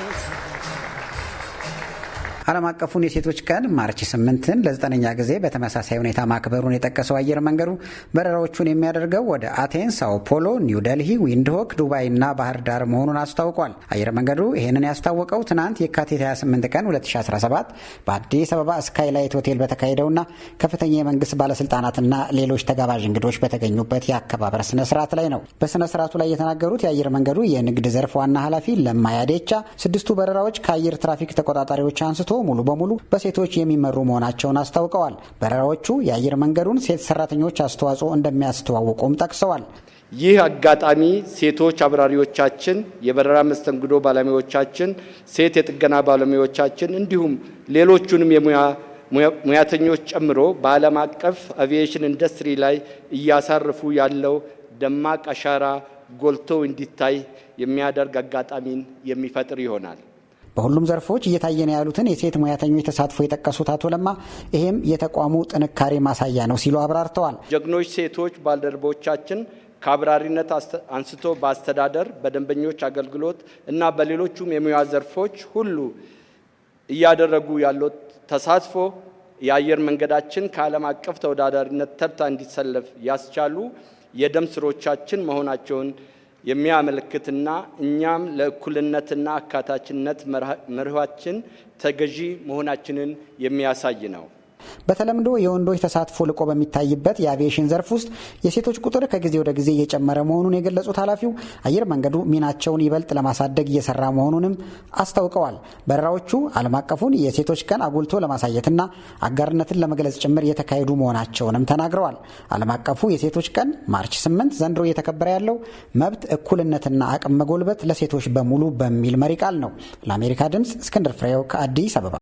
Thank you. ዓለም አቀፉን የሴቶች ቀን ማርች ስምንትን ለዘጠነኛ ጊዜ በተመሳሳይ ሁኔታ ማክበሩን የጠቀሰው አየር መንገዱ በረራዎቹን የሚያደርገው ወደ አቴን፣ ሳው ፖሎ፣ ኒው ደልሂ፣ ዊንድሆክ፣ እና ባህር ዳር መሆኑን አስታውቋል። አየር መንገዱ ይህንን ያስታወቀው ትናንት የካቲት 28 ቀን 2017 በአዲስ አበባ ስካይላይት ሆቴል በተካሄደውና ከፍተኛ የመንግስት ባለስልጣናትና ሌሎች ተጋባዥ እንግዶች በተገኙበት የአከባበር ስነስርዓት ላይ ነው። በስነስርዓቱ ላይ የተናገሩት የአየር መንገዱ የንግድ ዘርፍ ዋና ኃላፊ ለማያዴቻ ስድስቱ በረራዎች ከአየር ትራፊክ ተቆጣጣሪዎች አንስቶ ሙሉ በሙሉ በሴቶች የሚመሩ መሆናቸውን አስታውቀዋል። በረራዎቹ የአየር መንገዱን ሴት ሰራተኞች አስተዋጽኦ እንደሚያስተዋውቁም ጠቅሰዋል። ይህ አጋጣሚ ሴቶች አብራሪዎቻችን፣ የበረራ መስተንግዶ ባለሙያዎቻችን፣ ሴት የጥገና ባለሙያዎቻችን እንዲሁም ሌሎቹንም የሙያ ሙያተኞች ጨምሮ በዓለም አቀፍ አቪዬሽን ኢንዱስትሪ ላይ እያሳረፉ ያለው ደማቅ አሻራ ጎልቶ እንዲታይ የሚያደርግ አጋጣሚን የሚፈጥር ይሆናል። በሁሉም ዘርፎች እየታየ ነው ያሉትን የሴት ሙያተኞች ተሳትፎ የጠቀሱት አቶ ለማ ይህም የተቋሙ ጥንካሬ ማሳያ ነው ሲሉ አብራርተዋል። ጀግኖች ሴቶች ባልደረቦቻችን ከአብራሪነት አንስቶ በአስተዳደር፣ በደንበኞች አገልግሎት እና በሌሎቹም የሙያ ዘርፎች ሁሉ እያደረጉ ያሉት ተሳትፎ የአየር መንገዳችን ከዓለም አቀፍ ተወዳዳሪነት ተርታ እንዲሰለፍ ያስቻሉ የደም ስሮቻችን መሆናቸውን የሚያመለክትና እኛም ለእኩልነትና አካታችነት መርሃችን ተገዢ መሆናችንን የሚያሳይ ነው። በተለምዶ የወንዶች ተሳትፎ ልቆ በሚታይበት የአቪዬሽን ዘርፍ ውስጥ የሴቶች ቁጥር ከጊዜ ወደ ጊዜ እየጨመረ መሆኑን የገለጹት ኃላፊው አየር መንገዱ ሚናቸውን ይበልጥ ለማሳደግ እየሰራ መሆኑንም አስታውቀዋል። በረራዎቹ ዓለም አቀፉን የሴቶች ቀን አጉልቶ ለማሳየትና አጋርነትን ለመግለጽ ጭምር የተካሄዱ መሆናቸውንም ተናግረዋል። ዓለም አቀፉ የሴቶች ቀን ማርች 8 ዘንድሮ እየተከበረ ያለው መብት እኩልነትና አቅም መጎልበት ለሴቶች በሙሉ በሚል መሪ ቃል ነው። ለአሜሪካ ድምፅ እስክንድር ፍሬው ከአዲስ አበባ